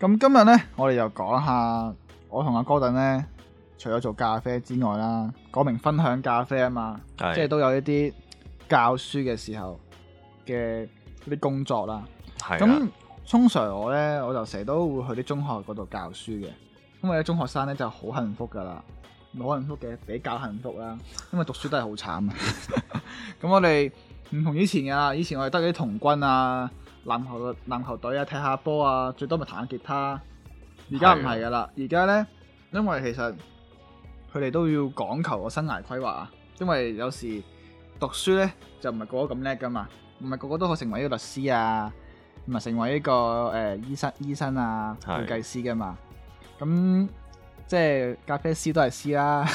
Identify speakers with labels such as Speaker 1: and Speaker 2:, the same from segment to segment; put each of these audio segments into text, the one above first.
Speaker 1: 咁今日咧，我哋又講下我同阿哥頓咧，除咗做咖啡之外啦，講明分享咖啡啊嘛，是即係都有一啲教書嘅時候嘅啲工作啦。咁通常我咧，我就成日都會去啲中學嗰度教書嘅，因為咧中學生咧就好幸福噶啦，冇幸福嘅，比較幸福啦，因為讀書都係好慘啊。咁 我哋唔同以前噶啦，以前我哋得啲童軍啊。籃球嘅籃球隊啊，踢下波啊，最多咪彈下吉他。
Speaker 2: 而家唔係噶
Speaker 1: 啦，而家咧，因為其實佢哋都要講求個生涯規劃啊。因為有時讀書咧就唔係個個咁叻噶嘛，唔係個個都可以成為一個律師啊，唔係成為一個、呃、醫生、醫生啊、會計師噶嘛。咁即係咖啡師都係師啦，啊，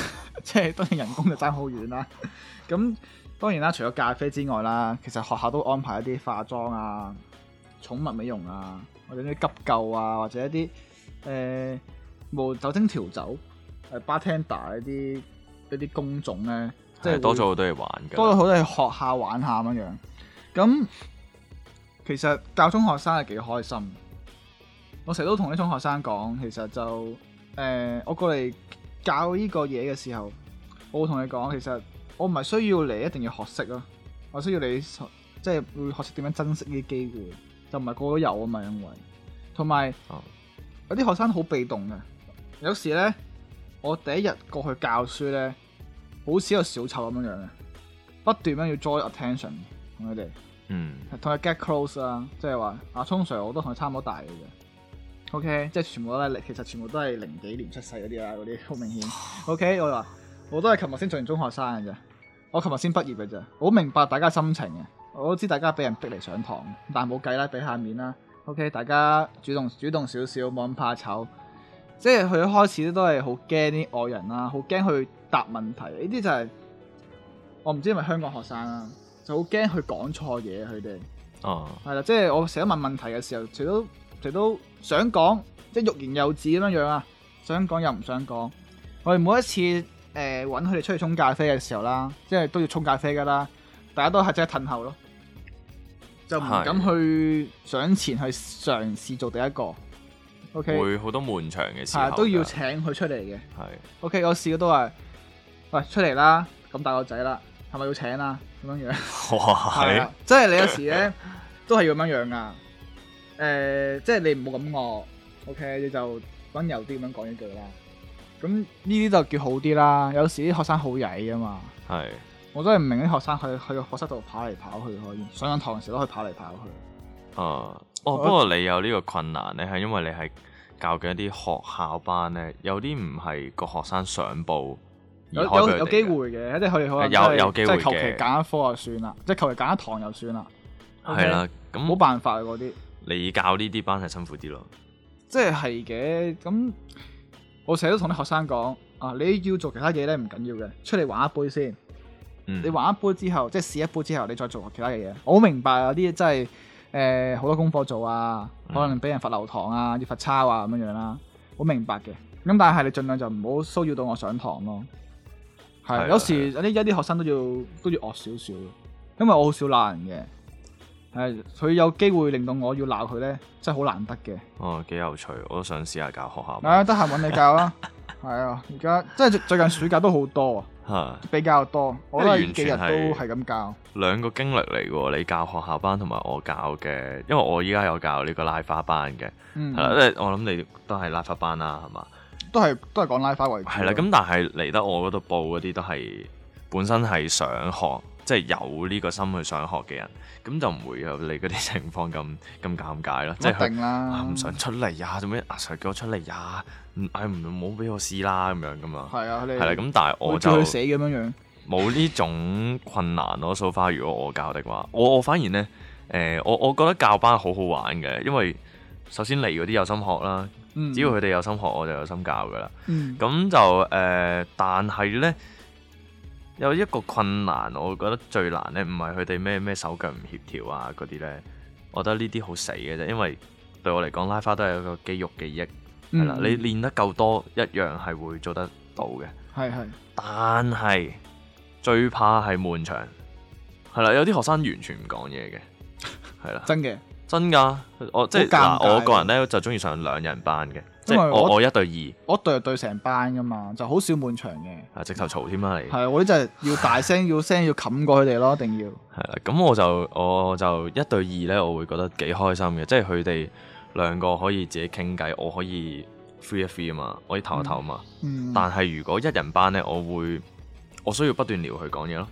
Speaker 1: 即係當然人工就爭好遠啦。咁 當然啦，除咗咖啡之外啦，其實學校都安排一啲化妝啊。寵物美容啊，或者啲急救啊，或者一啲誒、呃、無酒精調酒、誒、呃、bartender 嗰啲嗰啲工種咧，是的即係多數好多都係
Speaker 2: 玩嘅，多數好多
Speaker 1: 係學下玩下咁樣。咁其實教中學生係幾開心，我成日都同啲中學生講，其實就誒、呃、我過嚟教呢個嘢嘅時候，我會同你講，其實我唔係需要你一定要學識咯，我需要你即係、就是、會學識點樣珍惜呢啲機會。就唔係個個有啊嘛，因為同埋有啲、哦、學生好被動嘅，有時咧我第一日過去教書咧，好似一個小丑咁樣樣嘅，不斷咁要 join attention 同佢哋，嗯，同佢 get close 啦，即係話阿聰 Sir，我都同佢差唔多大嘅啫，OK，即係全部咧，其實全部都係零幾年出世嗰啲啦，嗰啲好明顯、哦、OK，我話我都係琴日先做完中學生嘅啫，我琴日先畢業嘅啫，好明白大家心情嘅。我都知大家俾人逼嚟上堂，但係冇計啦，俾下面啦。OK，大家主動主動少少，冇咁怕醜。即係佢開始都係好驚啲外人啦，好驚去答問題。呢啲就係、是、我唔知係咪香港學生啦，就好驚佢講錯嘢佢哋。哦，係啦、uh.，即係我成日問問題嘅時候，除都除都想講，即係欲言又止咁樣樣啊，想講又唔想講。我哋每一次誒揾佢哋出去沖咖啡嘅時候啦，即係都要沖咖啡噶啦。大家都係即係褪後咯，就唔敢去上前是去嘗
Speaker 2: 試做第一個。
Speaker 1: O K，會
Speaker 2: 好多門場嘅事，都要
Speaker 1: 請佢出嚟嘅。係 O K，我試過都係喂、哎、出嚟啦，咁大個仔啦，係咪要請啦、啊？咁樣樣哇，係，即係你有時咧 都係要咁樣樣噶。誒、呃，即係你唔好咁惡。O、okay, K，你就温柔啲咁樣講一句啦。咁呢啲就叫好啲啦。有時啲學生好曳啊嘛。係。我真係唔明啲學生去喺個課室度跑嚟跑去，可以上緊堂嘅時都可以跑嚟跑去。誒，
Speaker 2: 哦，不過你有呢個困難，你係因為你係教緊一啲學校班咧，有啲唔係個學生上報嘅有，有有機
Speaker 1: 會嘅、即係即係、有機會嘅，即係佢佢有有機會嘅，求其揀一科就算啦，即係求其揀一堂就算啦。係啦，咁冇辦法啊，嗰啲
Speaker 2: 你教呢啲班係辛苦啲咯，
Speaker 1: 即係係嘅。咁我成日都同啲學生講啊，你要做其他嘢咧唔緊要嘅，出嚟玩一杯先。嗯、你玩一杯之後，即係試一杯之後，你再做其他嘅嘢。我好明白有啲真係呃、好多功課做啊，可能俾人罰留堂啊，要罰抄啊咁樣樣啦。好明白嘅。咁但係你盡量就唔好騷擾到我上堂咯。係，是啊、有時有啲一啲學生都要都要惡少少，因為我好少鬧人嘅。係，佢有機會令到我要鬧佢咧，真係好
Speaker 2: 難得嘅。哦，幾有趣，我都想試下教學校。嗱、啊，得
Speaker 1: 閒搵你教啦 係啊，而家即係最近暑假都好多啊， 比較多，我呢幾日都係咁教。
Speaker 2: 兩個經歷嚟嘅，你教學校班同埋我教嘅，因為我依家有教呢個拉花班嘅，係啦、嗯啊，即係我諗你都係拉花班啦，係嘛？
Speaker 1: 都係都係講拉花為主、啊。係啦，咁
Speaker 2: 但係嚟得我嗰度報嗰啲都係本身係想學。即係有呢個心去上學嘅人，咁就唔會有你嗰啲情況咁咁尷尬咯。即係唔定、啊啊、想出嚟呀？做咩啊？成日、啊、叫我出嚟呀、啊？唔係唔好俾我試啦咁樣噶嘛。係啊，係啦。咁但係我就他他死咁樣樣，冇呢種困難咯、啊。so far 如果我教的話，我我反而呢，誒、呃，我我覺得教班好好玩嘅，因為首先嚟嗰啲有心學啦，嗯、只要佢哋有心學，我就有心教噶啦。咁、嗯、就誒、呃，但係呢。有一個困難，我覺得最難咧，唔係佢哋咩咩手腳唔協調啊嗰啲咧，我覺得呢啲好死嘅啫，因為對我嚟講，拉花都係一個肌肉記憶。係啦、嗯，你練得夠多，一樣係會做得到嘅。係係的。但係最怕係悶場，係啦，有啲學生完全唔講嘢嘅，係啦。真嘅的？真㗎？我即係嗱，我個人咧就中意上兩人班嘅。即係我我，我一對二，我一對又對
Speaker 1: 成班噶嘛，就好少滿場
Speaker 2: 嘅。啊，直頭嘈添啊你。
Speaker 1: 係，我呢就係要大聲，要聲，要冚過佢哋咯，一定要。
Speaker 2: 係啦，咁我就我就一對二咧，我會覺得幾開心嘅，即係佢哋兩個可以自己傾偈，我可以 free 一 free 啊嘛，我可以唞一唞啊嘛。嗯、但係如果一人班咧，我會我需要不斷撩佢講嘢咯。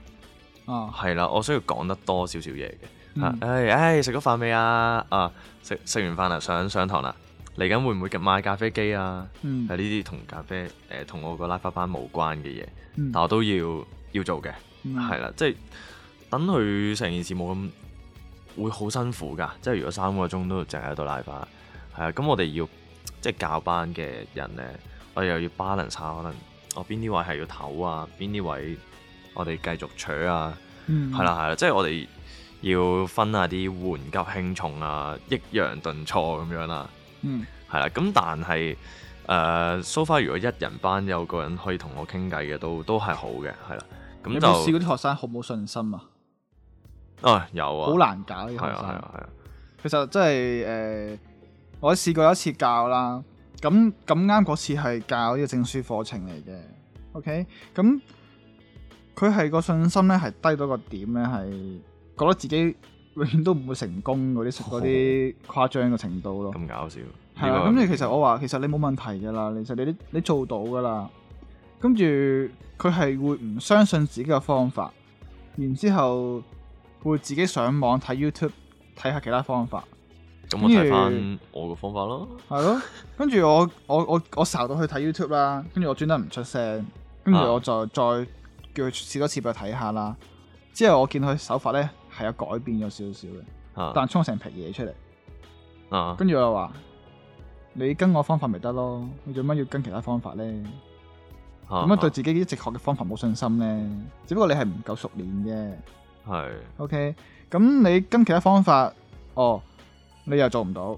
Speaker 2: 哦、啊，係啦，我需要講得多少少嘢嘅。啊，哎哎，食咗飯未啊？啊，食食完飯啦，上上堂啦。嚟緊會唔會買咖啡機啊？係呢啲同咖啡誒同、呃、我個拉花班無關嘅嘢，嗯、但我都要要做嘅，係啦、嗯就是，即係等佢成件事冇咁會好辛苦㗎。即係如果三個鐘都淨係喺度拉花，係啊，咁我哋要即係、就是、教班嘅人咧，我哋又要 balance 下，可能我邊啲位係要唞啊，邊啲位我哋繼續取啊，係啦係啦，即係、就是、我哋要分下啲緩急輕重啊，抑揚頓挫咁樣啦。嗯，係啦，咁但係，誒，so far 如果一人班有個人可以同我傾偈嘅，都都係好嘅，係啦，咁就試
Speaker 1: 嗰啲學生好冇信心啊，
Speaker 2: 啊，有啊，好難搞嘅學生，係啊係啊係啊，
Speaker 1: 其實真係誒，我試過一次教啦，咁咁啱嗰次係教呢個證書課程嚟嘅，OK，咁佢係個信心咧係低到個點咧係覺得自己。永遠都唔會成功嗰啲，嗰啲誇張嘅程度咯。
Speaker 2: 咁搞笑係啊。咁對，你
Speaker 1: 其實我話，其實你冇問題噶啦，其實你都你做到噶啦。跟住佢係會唔相信自己嘅方法，然之後會自己上網睇 YouTube 睇下其他方法。
Speaker 2: 咁我睇翻我嘅方法咯。
Speaker 1: 係咯後，跟住 我我我我查到去睇 YouTube 啦，跟住我專登唔出聲，跟住我再再叫佢試多次俾佢睇下啦。啊、之後我見佢手法咧。係有改變咗少少嘅，但係沖成皮嘢出嚟。
Speaker 2: 啊，跟
Speaker 1: 住、啊、我話你跟我方法咪得咯，你做乜要跟其他方法咧？
Speaker 2: 咁樣、啊、對
Speaker 1: 自己一直學嘅方法冇信心咧？啊、只不過你係唔夠熟練啫。是」係。OK，咁你跟其他方法，哦，你又做唔到，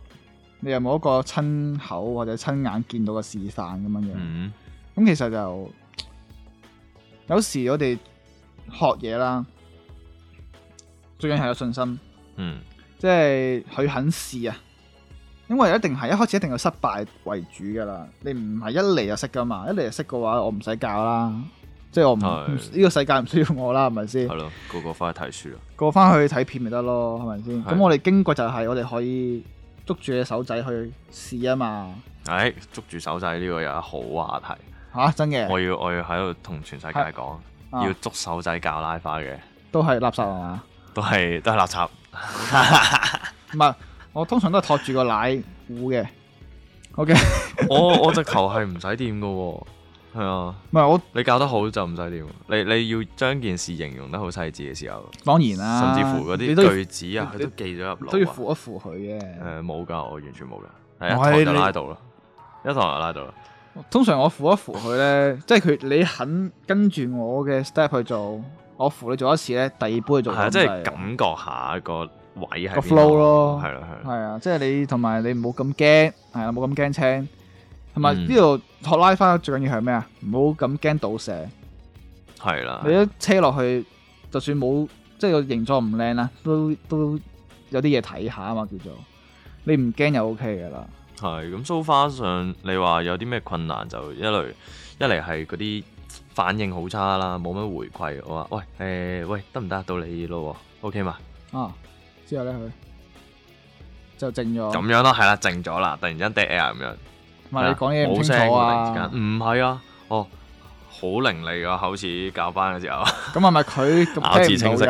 Speaker 1: 你又冇一個親口或者親眼見到嘅示範咁樣嘅。咁、嗯、其實就有時我哋學嘢啦。最緊係有信心，嗯，即係佢肯試啊，因為一定係一開始一定有失敗為主噶啦，你唔係一嚟就識噶嘛，一嚟就識嘅話我唔使教啦，即係我唔呢的、這個世界唔需要我啦，係咪先？係咯，個個
Speaker 2: 翻去睇書啊，個
Speaker 1: 個翻去睇片咪得咯，係咪先？咁我哋經過就係我哋可以捉住你手仔去試啊嘛，
Speaker 2: 係捉、哎、住手仔呢個又好話題
Speaker 1: 吓真嘅，我
Speaker 2: 要我要喺度同全世界講，是的啊、要捉手仔教拉花嘅，
Speaker 1: 都係垃圾係嘛、啊？是的
Speaker 2: 都係都係垃圾，
Speaker 1: 唔係，我通常都係托住個奶壺嘅。
Speaker 2: OK，我我只球係唔使掂嘅，係啊，唔係我你教得好就唔使掂，你你要將件事形容得好細緻嘅時候，當然啦，甚至乎嗰啲句子啊，佢都記咗入腦，都要扶一扶佢嘅。誒，冇噶，我完全冇噶，係啊，一堂就拉到咯，一堂就拉到啦。
Speaker 1: 通常我扶一扶佢咧，即係佢你肯跟住我嘅 step 去做。我扶你做一次咧，第二杯去做。係啊，即係
Speaker 2: 感覺下個位係個 flow 咯。
Speaker 1: 係咯，係。係啊，即係你同埋你唔好咁驚，係啊，冇咁驚青。
Speaker 2: 同埋呢度
Speaker 1: 學拉花最緊要係咩啊？唔好咁驚倒瀉。
Speaker 2: 係啦的。你一
Speaker 1: 車落去，就算冇即係個形狀唔靚啦，都都有啲嘢睇下啊嘛，叫做你唔驚就 OK
Speaker 2: 噶啦。係咁，so far 上你話有啲咩困難就一嚟一嚟係嗰啲。反應好差啦，冇乜回饋。我話：喂，欸、喂，得唔得到你咯？OK 嘛？
Speaker 1: 啊，之後咧佢就靜咗。咁樣咯，係
Speaker 2: 啦，靜咗啦。突然之間 dead air 咁樣。唔係你講嘢唔清楚啊？唔係啊，哦，好伶俐啊。好似教班嘅時候。咁係咪佢咬字清晰？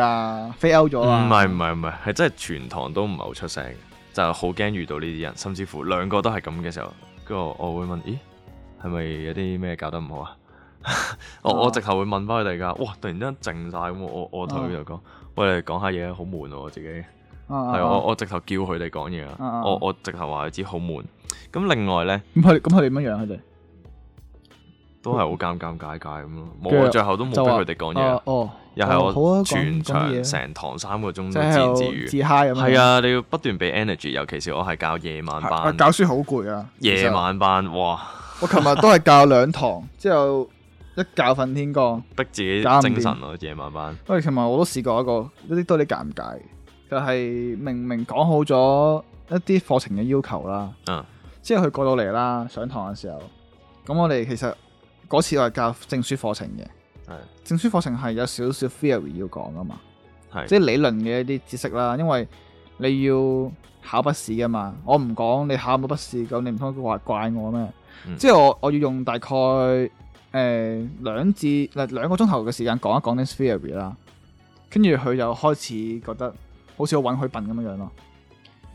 Speaker 2: 飛 out 咗？唔係唔係唔係，係真係全堂都唔係好出聲，就好驚遇到呢啲人，甚至乎兩個都係咁嘅時候，跟住我會問：咦，係咪有啲咩教得唔好啊？我我直頭會問翻佢哋噶，哇！突然之間靜晒咁，我我我同佢就講，喂，講下嘢啦，好悶我自己，係我我直頭叫佢哋講嘢啦，我我直頭話佢知好悶。咁另外咧，
Speaker 1: 咁佢咁佢哋乜樣，佢哋
Speaker 2: 都係好尷尷尬尬咁咯，我最後都冇俾佢哋講嘢哦，又係我全場成堂三個鐘自言自語，係啊，你要不斷俾 energy，尤其是我係教夜晚班，教書好攰啊，夜晚班哇！
Speaker 1: 我琴日都係教兩堂之後。得教訓天光，
Speaker 2: 逼自己精神咯，夜晚班。
Speaker 1: 喂，琴日我都試過一個一啲多你尷尬嘅，就係、是、明明講好咗一啲課程嘅要求啦，嗯、啊，之後佢過到嚟啦，上堂嘅時候，咁我哋其實嗰次我係教證書課程嘅，係是證書課程係有少少 theory 要講噶嘛，係是即係理論嘅一啲知識啦，因為你要考筆試噶嘛，我唔講你考冇筆試，咁你唔通話怪我咩？即係我我要用大概。誒、呃，兩至嗱、呃、兩個鐘頭嘅時間講一講啲 theory 啦，跟住佢就開始覺得好似我搵佢笨咁樣樣咯。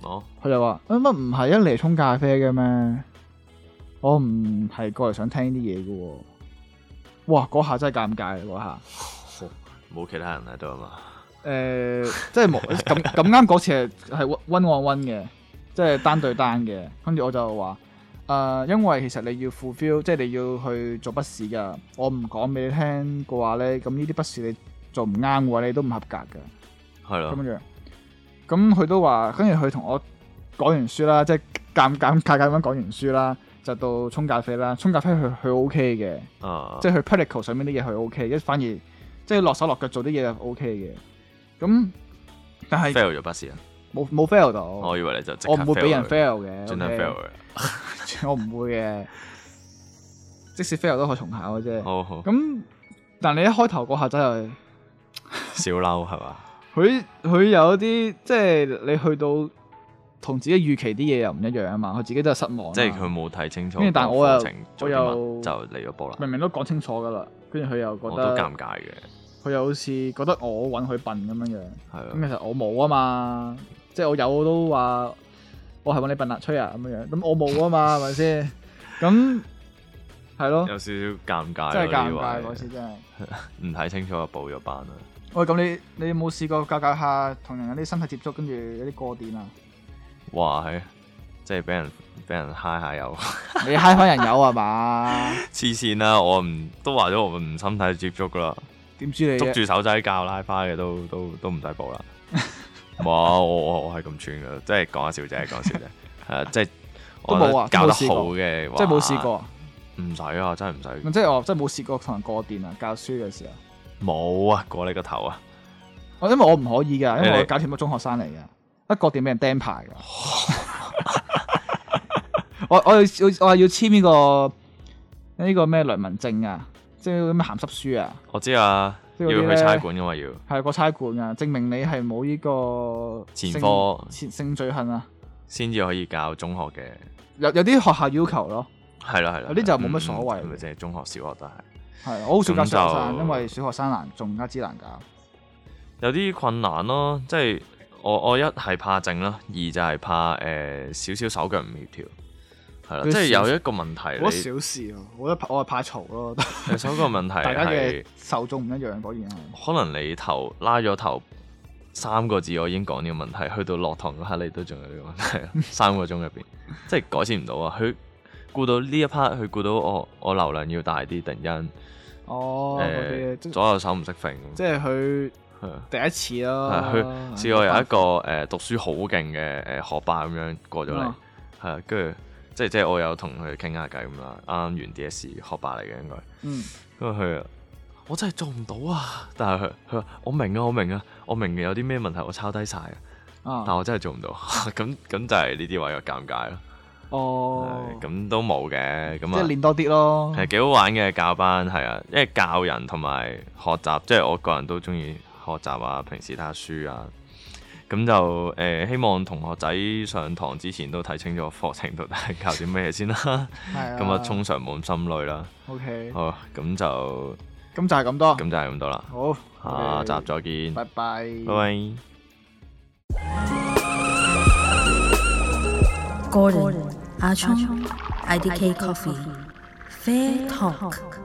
Speaker 1: 哦，佢就話乜乜唔係一嚟沖咖啡嘅咩？我唔係過嚟想聽啲嘢嘅。哇，嗰下真係尷尬嗰下。
Speaker 2: 冇其他人喺度啊嘛？
Speaker 1: 誒、呃，即係冇咁咁啱嗰次係係 one on one 嘅，即係單對單嘅。跟住我就話。啊，uh, 因為其實你要 fulfill，即係你要去做筆試噶我唔講俾你聽嘅話咧，咁呢啲筆試你做唔啱嘅話，你都唔合格嘅。
Speaker 2: 係咯的。咁樣，
Speaker 1: 咁佢都話，跟住佢同我講完書啦，即係尷唔尷尬咁講完書啦，就到沖咖啡啦。沖咖啡佢佢 O K 嘅，啊、OK uh. OK，即係佢 practical 上面啲嘢佢 O K，一反而即係落手落腳做啲嘢又 O K 嘅。咁
Speaker 2: 但係 fail 咗筆試啊！
Speaker 1: 冇冇 fail 到，
Speaker 2: 我以為你就我唔會俾人 fail 嘅，我唔
Speaker 1: 會嘅，即使 fail 都可以重考嘅啫。咁但你一開頭嗰下真係
Speaker 2: 小嬲係嘛？
Speaker 1: 佢佢有啲即係你去到同自己預期啲嘢又唔一樣啊嘛，佢自己都係失
Speaker 2: 望。即係佢冇睇清楚，跟住但係我又我又就嚟咗波啦，
Speaker 1: 明明都講清楚㗎啦，跟住佢又覺得尷尬嘅，佢又好似覺得我揾佢笨咁樣樣，咁其實我冇啊嘛。即係我有都話，我係搵你笨辣吹啊咁樣樣，咁我冇啊嘛，係咪先？咁
Speaker 2: 係咯，有少少尷尬，真係尷尬嗰次真係。唔睇清楚就報咗班啦。
Speaker 1: 喂，咁你你有冇試過教教下同人有啲身體接觸，跟住有啲過電啊？
Speaker 2: 哇，係，即係俾人俾人揩下油？你揩翻人油係嘛？黐線啦，我唔都話咗我唔身體接觸噶啦。點知你捉住手仔教拉花嘅都都都唔使報啦。 冇，我我我係咁串噶，即係講笑啫，講笑啫，係啊，即係都冇啊，教得好嘅，即係冇試過，唔使啊，真係
Speaker 1: 唔使，即係我真係冇試過同人過電啊，教書嘅時候，
Speaker 2: 冇啊，過你個頭啊，
Speaker 1: 我因為我唔可以噶，因為我搞掂咗中學生嚟噶，一過電俾人釘牌噶，我我要要我係要簽呢個呢個咩良民證啊，即係嗰啲咩鹹濕書啊，
Speaker 2: 我知啊。要去差館噶嘛要
Speaker 1: 係、那個差館啊，證明你係冇呢個前科、前
Speaker 2: 性，性罪行啊，先至可以教中學嘅。
Speaker 1: 有有啲學校要求咯，
Speaker 2: 係咯係咯，有啲就冇乜所謂，嗯。咪即係中學、小學都係。
Speaker 1: 係我好少教小學生，就因為小學生難，仲加之難教。
Speaker 2: 有啲困難咯，即、就、係、是、我我一係怕靜啦，二就係怕誒少少手腳唔協調。係啦，對即係有一個問題。好小
Speaker 1: 事喎，我覺得我係怕嘈咯。首先個問題大家嘅受眾唔一樣，果然
Speaker 2: 可能你頭拉咗頭三個字，我已經講呢個問題，去到落堂嗰刻你都仲有呢個問題。 三個鐘入邊，即係改善唔到啊！佢顧到呢一 part，佢顧到我我流量要大啲，突然間
Speaker 1: 哦，左
Speaker 2: 右手唔識揈。
Speaker 1: 即係佢第一次咯。佢啊，的試過有一
Speaker 2: 個誒快讀書好勁嘅誒學霸咁樣過咗嚟，係啊， 跟住。即係即係我有同佢傾下偈咁啦，啱啱完 D.S. 學霸嚟嘅應該，咁啊佢啊，我真係做唔到啊！但係佢佢話我明啊我明啊我明明有啲咩問題我抄低晒啊，但係我真係做唔到，咁咁就係呢啲位嘅尷尬、哦、
Speaker 1: 咯。哦，
Speaker 2: 咁都冇嘅，咁啊練
Speaker 1: 多啲咯，係
Speaker 2: 幾好玩嘅教班，係啊，因為教人同埋學習，即係我個人都中意學習啊，平時睇下書啊。咁就誒希望同學仔上堂之前都睇清楚課程到底，教啲咩先啦。咁啊，通常冇咁心累啦。O K，好，咁就咁就係咁多。咁就係咁多啦。好，下集再見。拜
Speaker 1: 拜。拜拜。Gordon 阿
Speaker 2: 聰，I D K Coffee Fair Talk。